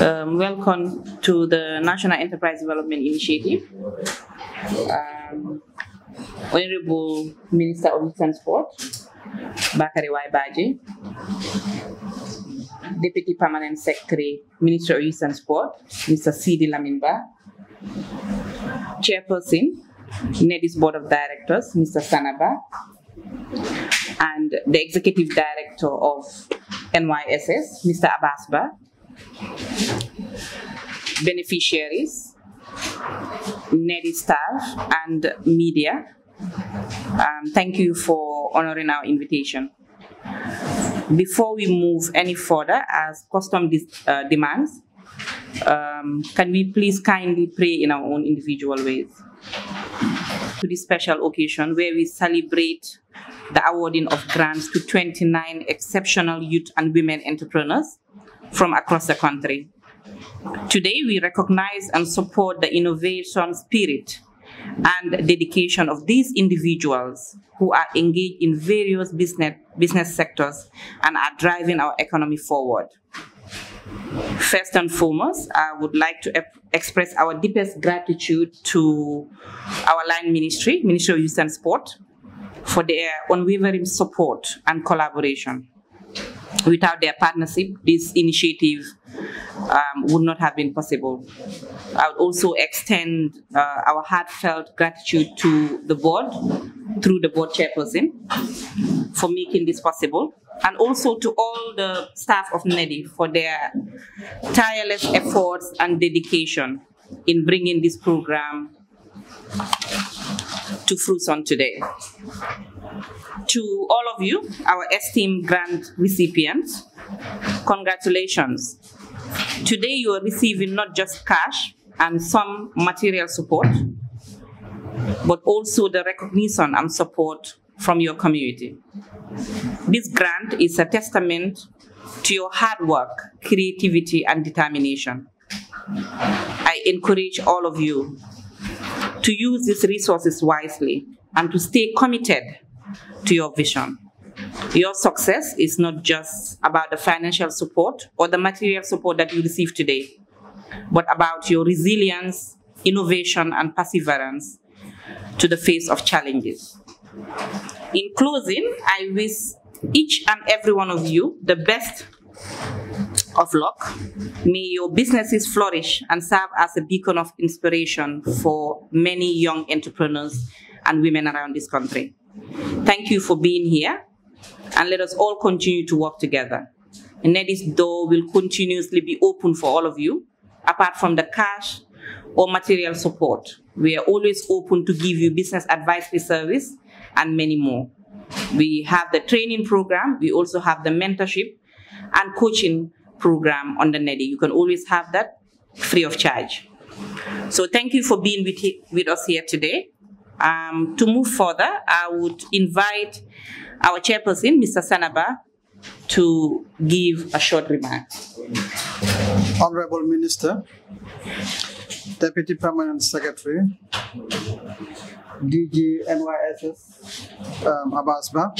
Um, welcome to the National Enterprise Development Initiative. Um, Honorable Minister of Transport, Sport, Bakari Waibaji, Deputy Permanent Secretary, Minister of Youth Sport, Mr. Sidi Lamimba, Chairperson, NEDIS Board of Directors, Mr. Sanaba, and the Executive Director of NYSS, Mr. Abasba, beneficiaries, NEDI staff, and media. Um, thank you for honoring our invitation. Before we move any further, as custom uh, demands, um, can we please kindly pray in our own individual ways? To this special occasion where we celebrate the awarding of grants to 29 exceptional youth and women entrepreneurs from across the country. Today, we recognize and support the innovation spirit and dedication of these individuals who are engaged in various business, business sectors and are driving our economy forward. First and foremost, I would like to express our deepest gratitude to our line ministry, Ministry of Youth and Sport, for their unwavering support and collaboration. Without their partnership, this initiative um, would not have been possible. I would also extend uh, our heartfelt gratitude to the board through the board chairperson for making this possible and also to all the staff of NEDI for their tireless efforts and dedication in bringing this program to Fruson today. To all of you, our esteemed grant recipients, congratulations. Today you are receiving not just cash and some material support, but also the recognition and support from your community. This grant is a testament to your hard work, creativity, and determination. I encourage all of you to use these resources wisely and to stay committed to your vision. Your success is not just about the financial support or the material support that you receive today, but about your resilience, innovation, and perseverance to the face of challenges. In closing, I wish each and every one of you the best of luck. May your businesses flourish and serve as a beacon of inspiration for many young entrepreneurs and women around this country. Thank you for being here and let us all continue to work together. this door will continuously be open for all of you, apart from the cash or material support. We are always open to give you business advisory service and many more. We have the training program. We also have the mentorship and coaching program on the NEDI. You can always have that free of charge. So thank you for being with, with us here today. Um, to move further, I would invite our chairperson, Mr. Sanaba, to give a short remark. Honorable Minister, Deputy Permanent Secretary, DG NYSS um, Abasba,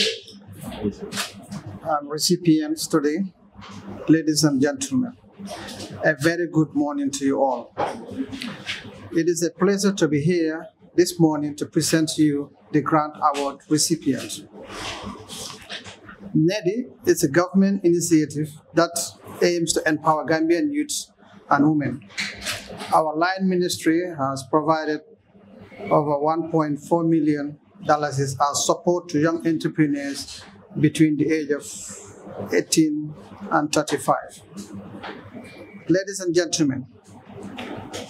um, recipients today, Ladies and gentlemen, a very good morning to you all. It is a pleasure to be here this morning to present to you the Grant Award recipients. NEDI is a government initiative that aims to empower Gambian youths and women. Our line ministry has provided over $1.4 million as support to young entrepreneurs between the age of 18 and 35. Ladies and gentlemen,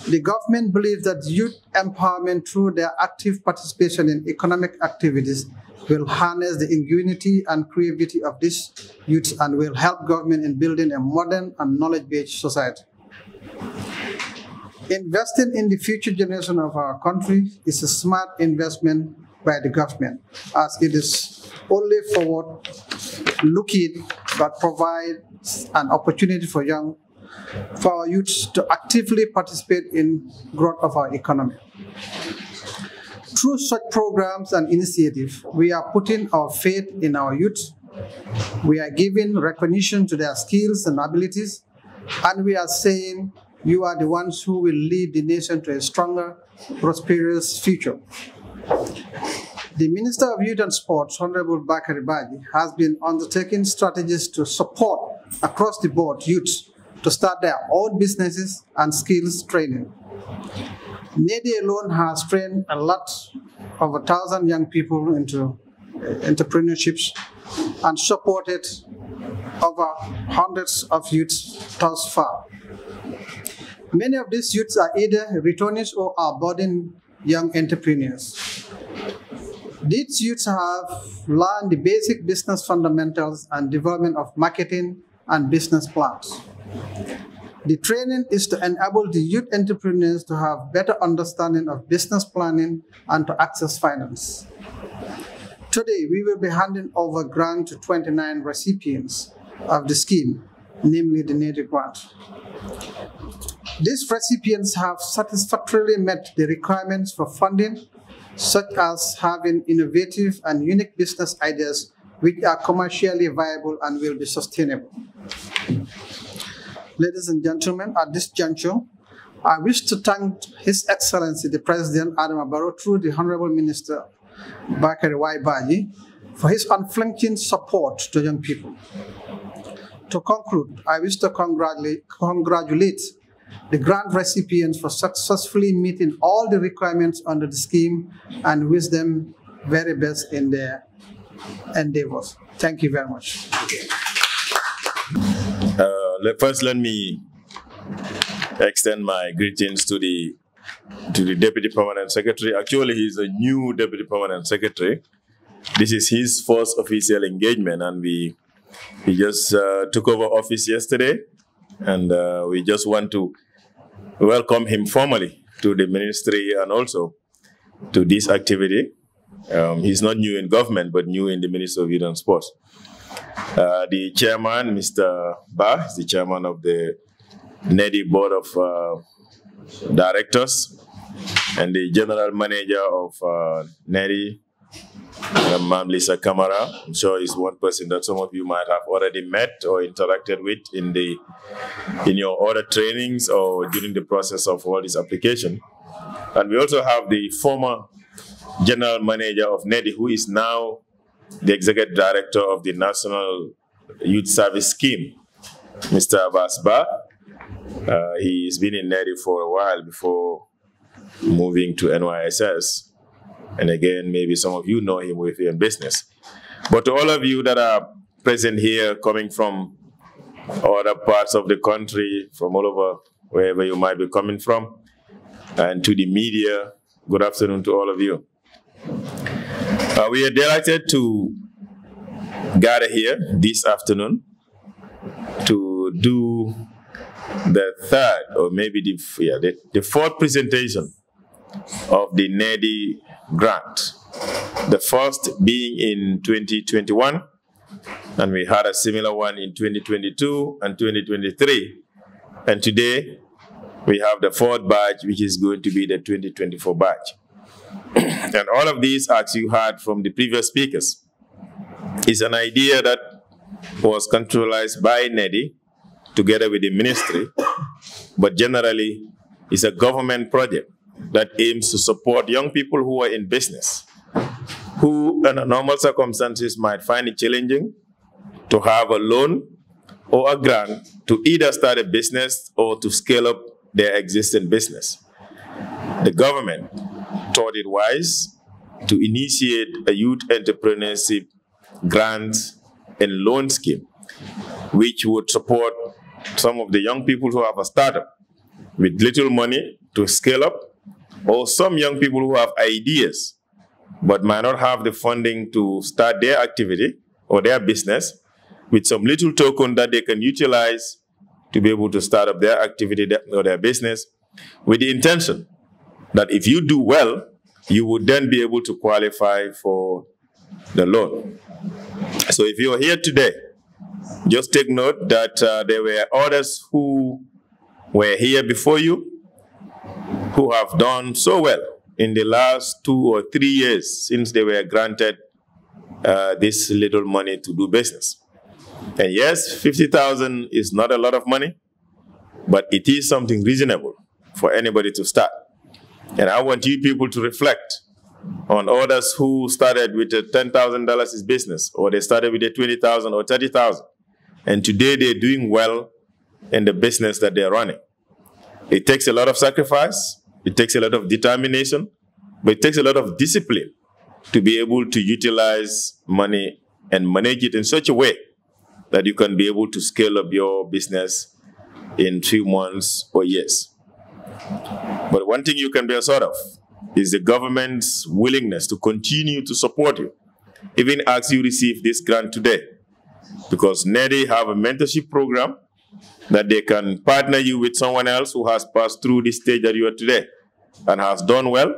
the government believes that youth empowerment through their active participation in economic activities will harness the ingenuity and creativity of these youths and will help government in building a modern and knowledge-based society. Investing in the future generation of our country is a smart investment by the government, as it is only forward looking but provides an opportunity for young for our youth to actively participate in growth of our economy. Through such programs and initiatives, we are putting our faith in our youth. We are giving recognition to their skills and abilities, and we are saying you are the ones who will lead the nation to a stronger, prosperous future. The Minister of Youth and Sports, Honorable Bakari Baji, has been undertaking strategies to support across the board youths to start their own businesses and skills training. NEDI alone has trained a lot of a thousand young people into uh, entrepreneurships and supported over hundreds of youths thus far. Many of these youths are either returnees or are boarding young entrepreneurs. These youths have learned the basic business fundamentals and development of marketing and business plans. The training is to enable the youth entrepreneurs to have better understanding of business planning and to access finance. Today, we will be handing over grant to 29 recipients of the scheme, namely the NEDI grant. These recipients have satisfactorily met the requirements for funding, such as having innovative and unique business ideas which are commercially viable and will be sustainable. Ladies and gentlemen, at this juncture, I wish to thank His Excellency the President Adam Barrow through the Honorable Minister Bakari Waibaji for his unflinching support to young people. To conclude, I wish to congratulate the grant recipients for successfully meeting all the requirements under the scheme and wish them very best in their endeavors. Thank you very much. Uh, first, let me extend my greetings to the to the Deputy Permanent Secretary. Actually, he's a new Deputy Permanent Secretary. This is his first official engagement, and we he just uh, took over office yesterday. And uh, we just want to welcome him formally to the ministry and also to this activity. Um, he's not new in government, but new in the Ministry of Youth and Sports. Uh, the chairman, Mr. Ba, is the chairman of the NEDI Board of uh, Directors and the general manager of uh, NEDI, Madam Lisa Kamara, I'm sure is one person that some of you might have already met or interacted with in the in your other trainings or during the process of all this application. And we also have the former general manager of NEDI, who is now the executive director of the National Youth Service Scheme, Mr. Abbas Uh, he's been in NEDI for a while before moving to NYSS. And again, maybe some of you know him if in business. But to all of you that are present here, coming from other parts of the country, from all over, wherever you might be coming from, and to the media, good afternoon to all of you. Uh, we are delighted to gather here this afternoon to do the third or maybe the, yeah, the, the fourth presentation of the NEDI grant. The first being in 2021, and we had a similar one in 2022 and 2023. And today, we have the fourth batch, which is going to be the 2024 batch. and all of these, as you heard from the previous speakers, is an idea that was controlled by NEDI together with the ministry, but generally is a government project that aims to support young people who are in business, who under normal circumstances might find it challenging to have a loan or a grant to either start a business or to scale up their existing business. The government thought it wise to initiate a youth entrepreneurship grant and loan scheme, which would support some of the young people who have a startup with little money to scale up or some young people who have ideas but might not have the funding to start their activity or their business with some little token that they can utilize to be able to start up their activity or their business with the intention that if you do well, you would then be able to qualify for the loan. So if you're here today, just take note that uh, there were others who were here before you who have done so well in the last two or three years since they were granted uh, this little money to do business. And yes, 50,000 is not a lot of money, but it is something reasonable for anybody to start. And I want you people to reflect on others who started with a $10,000 is business, or they started with a 20,000 or 30,000. And today they're doing well in the business that they're running. It takes a lot of sacrifice. It takes a lot of determination, but it takes a lot of discipline to be able to utilize money and manage it in such a way that you can be able to scale up your business in three months or years. But one thing you can be assured of is the government's willingness to continue to support you, even as you receive this grant today. Because NEDI have a mentorship program that they can partner you with someone else who has passed through this stage that you are today and has done well.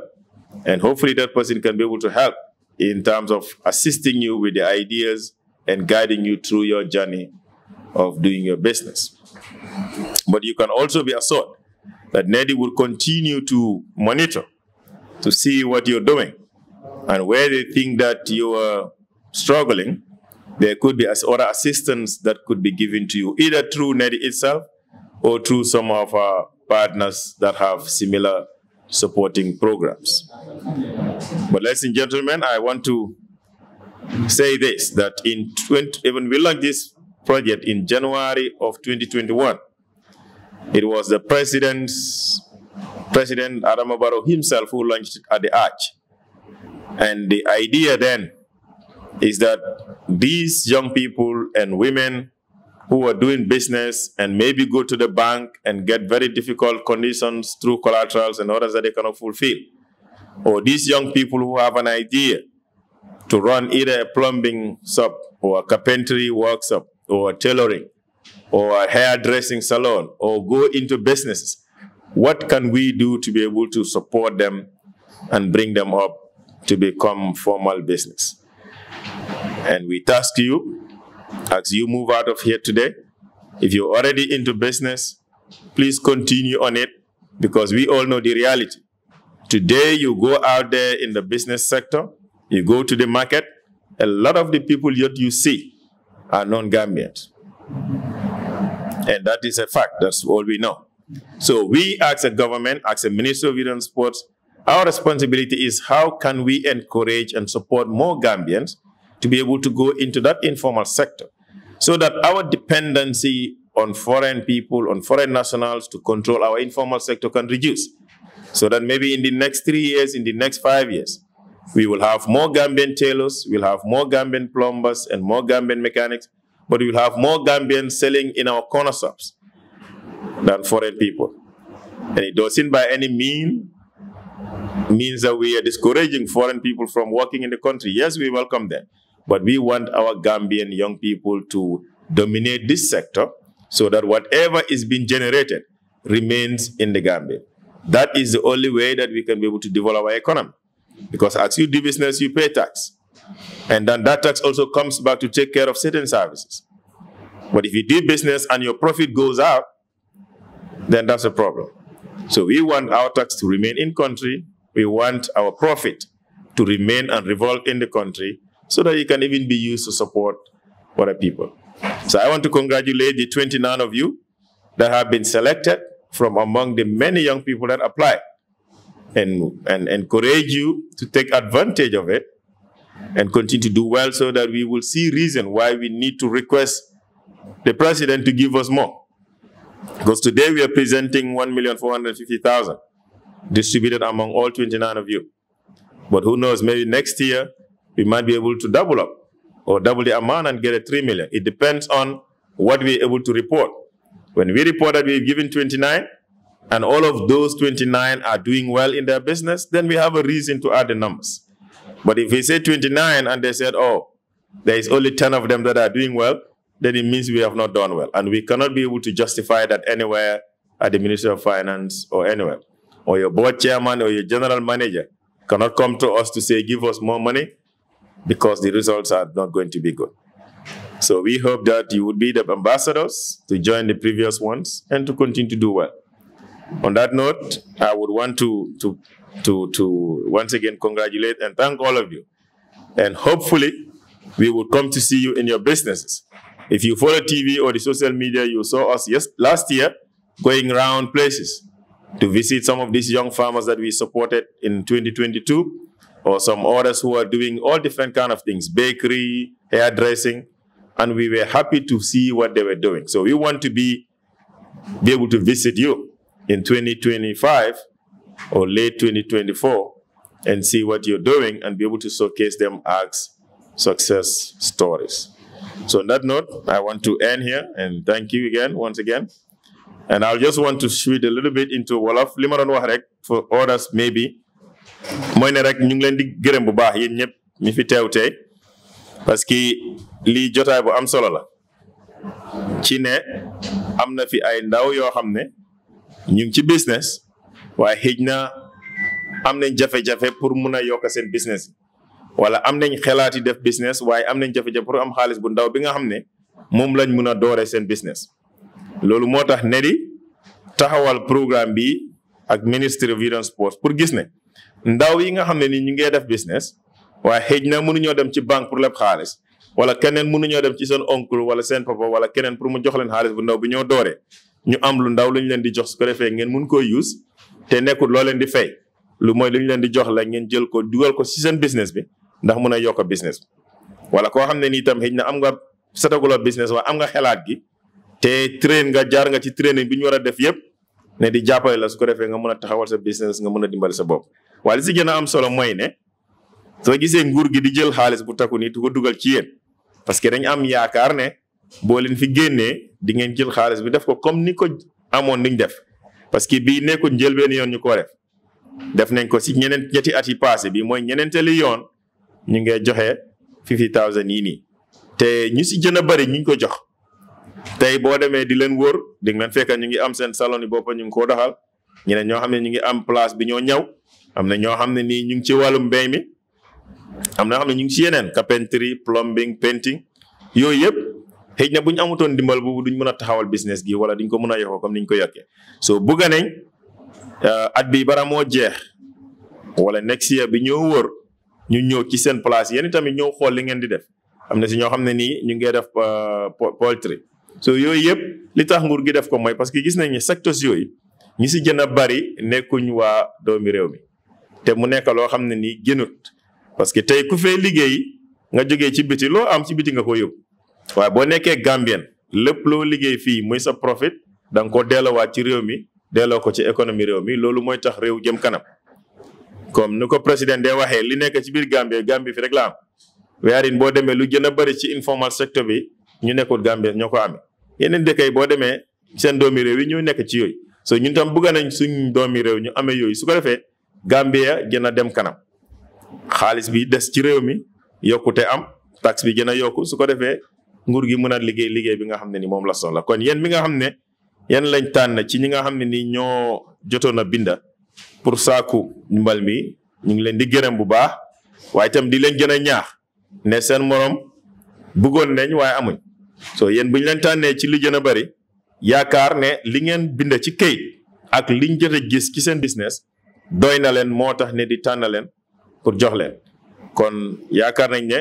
And hopefully that person can be able to help in terms of assisting you with the ideas and guiding you through your journey of doing your business. But you can also be assured that Nedi will continue to monitor to see what you're doing. And where they think that you are struggling, there could be other assistance that could be given to you, either through Nedi itself or through some of our partners that have similar supporting programs. But ladies and gentlemen, I want to say this, that in 20, even we launched this project in January of 2021, it was the president's, President Adam Barrow himself who launched it at the Arch. And the idea then is that these young people and women who are doing business and maybe go to the bank and get very difficult conditions through collaterals and others that they cannot fulfill. Or these young people who have an idea to run either a plumbing shop or a carpentry workshop or a tailoring or a hairdressing salon or go into businesses. What can we do to be able to support them and bring them up to become formal business? And we task you as you move out of here today, if you're already into business, please continue on it because we all know the reality. Today, you go out there in the business sector, you go to the market, a lot of the people that you see are non-Gambians. And that is a fact. That's all we know. So we as a government, as a Minister of Youth and Sports, our responsibility is how can we encourage and support more Gambians to be able to go into that informal sector so that our dependency on foreign people, on foreign nationals to control our informal sector can reduce. So that maybe in the next three years, in the next five years, we will have more Gambian tailors, we'll have more Gambian plumbers and more Gambian mechanics, but we'll have more Gambians selling in our corner shops than foreign people. And it doesn't by any mean means that we are discouraging foreign people from working in the country. Yes, we welcome them. But we want our Gambian young people to dominate this sector so that whatever is being generated remains in the Gambia. That is the only way that we can be able to develop our economy. Because as you do business, you pay tax. And then that tax also comes back to take care of certain services. But if you do business and your profit goes up, then that's a problem. So we want our tax to remain in country. We want our profit to remain and revolve in the country so that it can even be used to support other people. So I want to congratulate the 29 of you that have been selected from among the many young people that applied and, and encourage you to take advantage of it and continue to do well so that we will see reason why we need to request the president to give us more. Because today we are presenting 1,450,000 distributed among all 29 of you. But who knows, maybe next year we might be able to double up or double the amount and get a 3 million. It depends on what we're able to report. When we report that we've given 29, and all of those 29 are doing well in their business, then we have a reason to add the numbers. But if we say 29 and they said, oh, there is only 10 of them that are doing well, then it means we have not done well. And we cannot be able to justify that anywhere at the Ministry of Finance or anywhere. Or your board chairman or your general manager cannot come to us to say, give us more money because the results are not going to be good. So we hope that you would be the ambassadors to join the previous ones and to continue to do well. On that note, I would want to, to, to, to once again congratulate and thank all of you. And hopefully, we will come to see you in your businesses. If you follow TV or the social media, you saw us yes, last year going around places to visit some of these young farmers that we supported in 2022 or some others who are doing all different kind of things, bakery, hairdressing, and we were happy to see what they were doing. So we want to be, be able to visit you in 2025 or late 2024 and see what you're doing and be able to showcase them as success stories. So on that note, I want to end here and thank you again, once again. And I just want to switch a little bit into Wolof, Limaran Waharek for others maybe mooy ne rek ñu ngi leen di gërëm bu baax yéen ñëpp ñi fi teew tey parce que lii jotaay bu am solo la ci ne am na fi ay ndaw yoo xam ne ñu ngi ci business waaye xëj na am nañ jafe-jafe pour mun a yokk seen business wala am nañ xalaat yi def business waaye am nañ jafe-jafe pour am xaalis bu ndaw bi nga xam ne moom lañ mun a doore seen business. loolu moo tax ne taxawal programme bi ak ministre of youth and sports pour gis ne. ndaw yi nga xam ne ni ñu ngee def business waa xëj na mënuñoo dem ci banque pour leb xaalis wala keneen mënuñoo dem ci seen oncle wala seen papa wala keneen pour mu jox leen xaalis bu ndaw bi ñoo dooree ñu am lu ndaw lu ñu leen di jox su ko ngeen mun koy use te nekkul loo di fay lu mooy lu ñu leen di jox la ngeen jël ko dugal ko si seen business bi ndax mun a yokk business bi wala koo xam ne ni itam xëj na am nga setaguloo business waa am nga xelaat gi te train nga jaar nga ci training bi ñu war a def yëpp ne di jàppale la su ko defee nga mën a taxawal sa business nga mën a dimbali sa bopp waaye si gëna am solo moy ne so gisé nguur gi di jël xaaliss bu takku nii di ko duggal ci yeen parce que dañ am yaakar ne bo leen fi génnee di ngeen jël xaaliss bi def ko comme ni ko amoon niñ def parce que bi bii jël njëlbeen yoon ñu ko def def nañ ko ci ñeneen ñetti at yi passé bi mooy ñeneenteelu yoon ñu ngi joxé 50000 yi ni té ñu ci gëna bari ñu ko jox tay bo démé di leen wër di ngeen fekk ñu ngi am sen salon yi bopp ñu ko koo doxal ñeneen ñoo xam ñu ngi am place bi ño ñaw am ño xamne ni ne ñu ngi ci walum mbey mi am xamne ñu ngi ci yenen carpentry plumbing painting yoy yeb xëy buñ bu dimbal bu duñ mëna taxawal business gi wala duñ ko mëna yoxo comme niñ ko yokkee so bu gané euh at bi bara mo jeex wala next year bi ñoo wër ñu ñëw ci seen place yene tamit ñoo xol li ngeen di def am ci si xamne ni ñu ngi def euh, poultry so yoy yeb li tax nguur gi def ko moy parce que gis nañ ne secteurs yoy ñi si gën bari nekkuñ wa doomi réew te mu nekk loo xam ne nii génnut parce que tey ku fee liggéey nga jógee ci biti loo am ci biti nga ko yóbbu waaye boo nekkee Gambien lépp loo liggéey fii muy sa profit da nga ko delloowaat ci réew mi delloo ko ci économie réew mi loolu mooy tax réew jëm kanam comme ni ko président de waxee li nekk ci biir Gambie Gambie fi rek la am weerin boo demee lu gën a bëri ci informal secteur bi ñu nekkul Gambie ñoo ko amee yeneen dëkk yi boo demee seen doomi réew yi ñu nekk ci yooyu so ñun tam bëgg nañ suñ doomi réew ñu amee yooyu su ko defee Gambia gën a dem kanam xaalis bi des ci réew mi yokkute am tax bi gën a yokku su ko defee nguur gi mën a liggéey liggéey bi nga xam ne ni moom la soxla kon yéen mi nga xam ne yéen lañ tànn ci ñi nga xam ne ni ñoo jotoon a binda pour saaku mbal mi ñu ngi leen di gërëm bu baax waaye itam di leen gën a ñaax ne seen moroom bëggoon nañ waaye amuñ so yéen bu ñu leen tànnee ci li gën a bari yaakaar ne li ngeen bind ci kayit ak liñ jot a gis ci seen business doyna len motax ne di tànn len pour jox len kon yakar nañ ne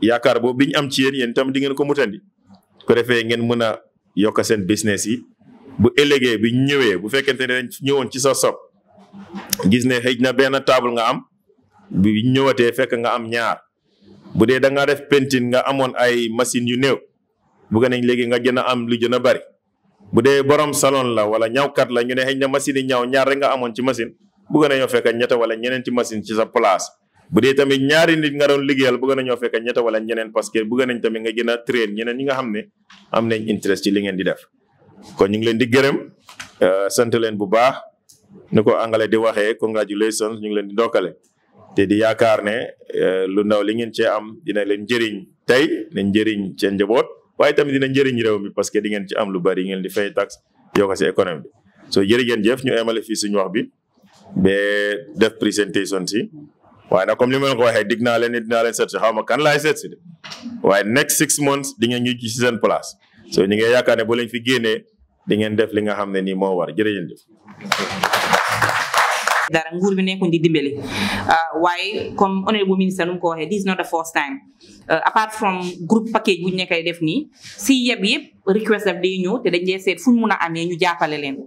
yaakaar bo biñ am ci yeen yeen tam di ngeen ko mutandi ko defé ngeen mëna yok sen business yi bu élégué bi ñëwé bu fekkente ne dañ ñëwoon ci sa sop gis ne hejna na table nga am bi ñëwaté fekk nga am ñaar bu dé da nga def pentin nga amone ay machine yu new bu gëna légui nga gëna am lu gën bari bu dé borom salon la wala kat la ñu né hejna machine ñaw ñaar nga amone ci machine bëgg nañoo fekk ñetta wala ñeneenti machine ci sa place bu dee tamit ñaari nit nga doon liggéeyal bëgg nañoo fekk ñetta wala ñeneen parce que bëgg nañ tamit nga gën a train ñeneen ñi nga xam ne am nañ interest ci li ngeen di def kon ñu ngi leen di gërëm eh, sant leen bu baax ni ko angale di waxee congratulations ñu ngi leen di ndokkale te di yaakaar ne eh, lu ndaw li ngeen ci am dina leen njëriñ tey ne njëriñ seen njaboot waaye tamit dina njëriñ réew mi parce que di ngeen ci am lu bari ngeen di fay tax yokk si économie bi so jëf ñu emale fii suñu wax bi ba def présentation si waaye nag comme li ma leen ko waxee dig naa leen ni dinaa leen seet si xaw ma kan laay seet si de waaye next six months di ngeen ñu ci seen place so ñu ngi yaakaar ne boo leen fi génnee di ngeen def li nga xam ne nii moo war jërëjëf. dara nguur bi nekkuñ di dimbali ah, waaye comme honorable minister nu mu ko waxee this is not the first time ah, apart from group package bu ñu nekkay def nii si yeb yëpp request daf day ñëw te dañ dee seet fu ñu mun a amee ñu jàppale leen.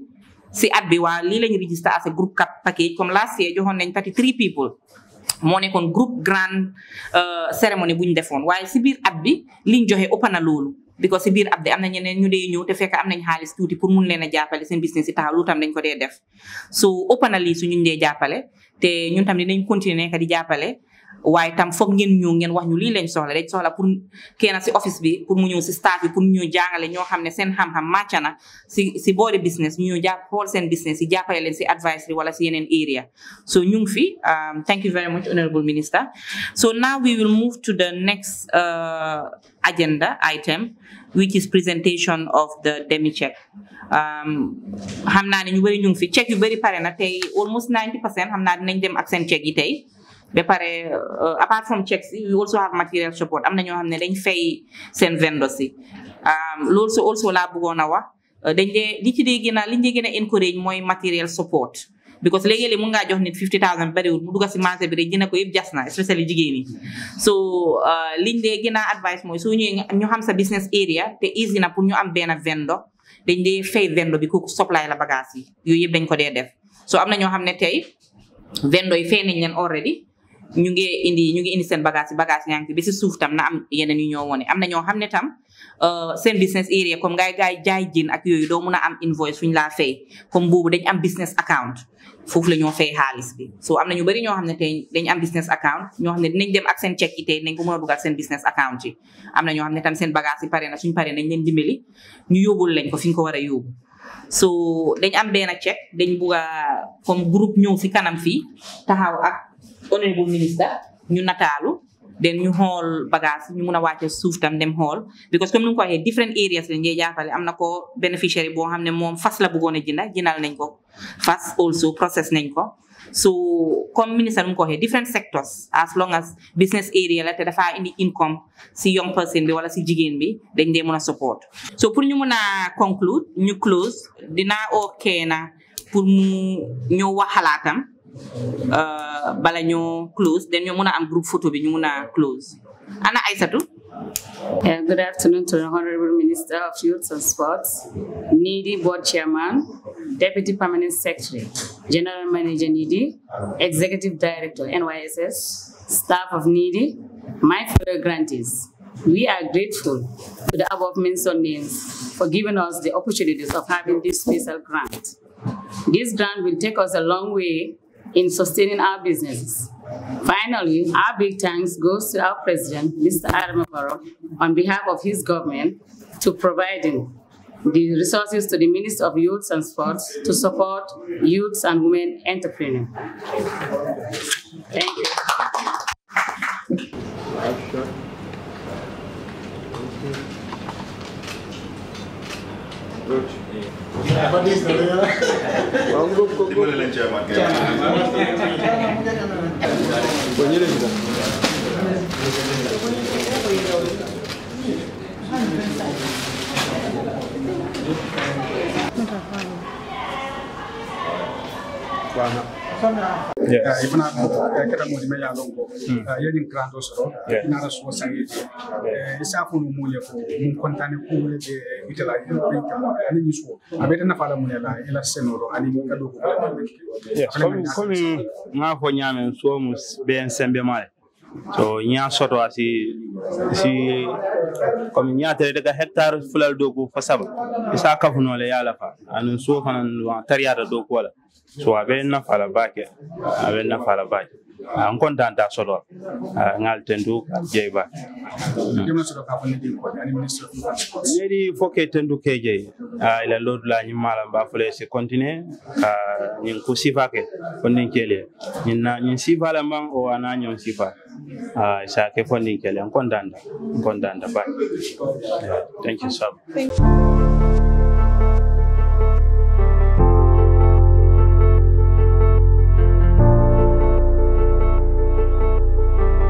si at bi waa lii lañ register as a group cap package comme last year joxoon nañ thirty three people moo nekkoon groupe grand euh, cérémonie bu ñu defoon waaye si biir at bi liñ joxe ëpp na loolu because si biir ab de am na ñeneen ñu dee ñëw te fekk am nañ xaalis tuuti pour mun leen a jàppale seen business yi taxaw lu ko dee def so ëpp na lii su ñu dee jàppale te ñun tam dinañ continuer nekk di jàppale waaye tam foog ngeen ñu ngeen wax ñu lii leen soxla rek soxla pour kenn si office bi pour mu ñëw si staff bi pour mu ñëw jàngale ñoo xam ne seen xam-xam màcc na si si boori business ñu ñëw jàpp xool seen business si jàppale leen si advisory wala si yeneen area so ñu ngi fi um, thank you very much honorable minister so now we will move to the next uh, agenda item which is presentation of the demi check um, xam naa ne ñu bëri ñu ngi fi check yu bëri pare na tey almost 90 percent xam naa dinañ dem ak seen check yi tey ba pare euh, apart from checks you also have material support am na ñoo xam ne dañ fay seen vendors si um, loolu so also laa bëggoon a wax euh, dañ dee li ci dee gën a liñ dee gën a mooy material support because léegi-léeg mun ngaa jox nit fifty thousand bariwul mu dugg si marché bi rek jënd ko yëpp jas na especially jigéen yi so euh, liñ dee gën a advice mooy soo ñëwee ñu xam sa business area te easy na pour ñu am benn vendor dañ dee fay vendor bi kooku supply la bagage yi yooyu yëpp dañ ko dee def so am na ñoo xam ne tey vendor yi fay nañ leen already ñu ngi indi ñu ngi indi seen bagage yi bagage yaa ngi fi suuf tam na am yeneen yu ñoo wone am na ñoo xam ne tam euh, seen business area comme a am invoice fu ñu laa business account la ñoo fay xaalis bi so am na ñu bëri ñoo xam ne dañ am business account ñoo ne dinañ dem ak seen check yi tey nañ ko a dugal seen business account yi am na ñoo xam ne tam seen bagage yi pare na suñ pare nañ leen dimbali ñu yóbbul lañ ko fi ko war a yóbbu so dañ am benn check dañ bugg a comme groupe ñëw fi kanam fii taxaw ak honorable minister ñu nataalu den ñu xool bagage ñu mun a wàcce suuf tam dem xool because comme ni nga different areas lañ dee am na ko bénéficiaire boo xam ne moom fas la bëggoon a jënda jëndal nañ ko fas also process nañ ko so comme ministre mu ko waxee different sectors as long as business area la te dafa indi income si young bi wala si jigéen bi dañ dee mun a support so pour ñu mun a conclude ñu close dinaa oo keena pour mu wax xalaatam euh, bala ñu close then ñu am photo bi ñu close ana good afternoon to the Honorable Minister of Youth and Sports, NIDI Board Chairman, Deputy Permanent Secretary, General Manager NIDI, Executive Director NYSS, staff of NIDI, my fellow grantees. We are grateful to the above mentioned names for giving us the opportunities of having this special grant. This grant will take us a long way in sustaining our businesses. Finally, our big thanks goes to our president, Mr. Adam Barrow, on behalf of his government, to providing the resources to the Minister of Youth and Sports to support youths and women entrepreneurs. Thank dimbali leen ci i fana eh, kɛra mɔdimɛ y'a lɔn kɔ yanni n kilan dɔ sɔrɔ n nana sɔ sange i eh, s'a kun mun ɲɛfɔ mun kɔntanɛ ko wele bɛ itala ani ni sɔ a bɛ nafa la mun e yɛrɛ la i la sɛnɛ o ani ni ka don ko komi n y'a fɔ ɲaamɛ sɔ mu bɛ n sɛnbɛma ye so ña sotoa si si comme tere daga hectare fulal doku fo saba isa le yala fa anun so fanan dogo la so a nafala nafa aɓe ba ke. n contanta solo ŋal tendu kal jeyba neɗi fo ke tendu ke jeyi ila lodula ñin mala mba fole si continue ka ñin ku sifa ke fonnin kele ñin sifa la mban o ana ñon sifa sa ke fonnin kele n contanta n contanta ba thank you sob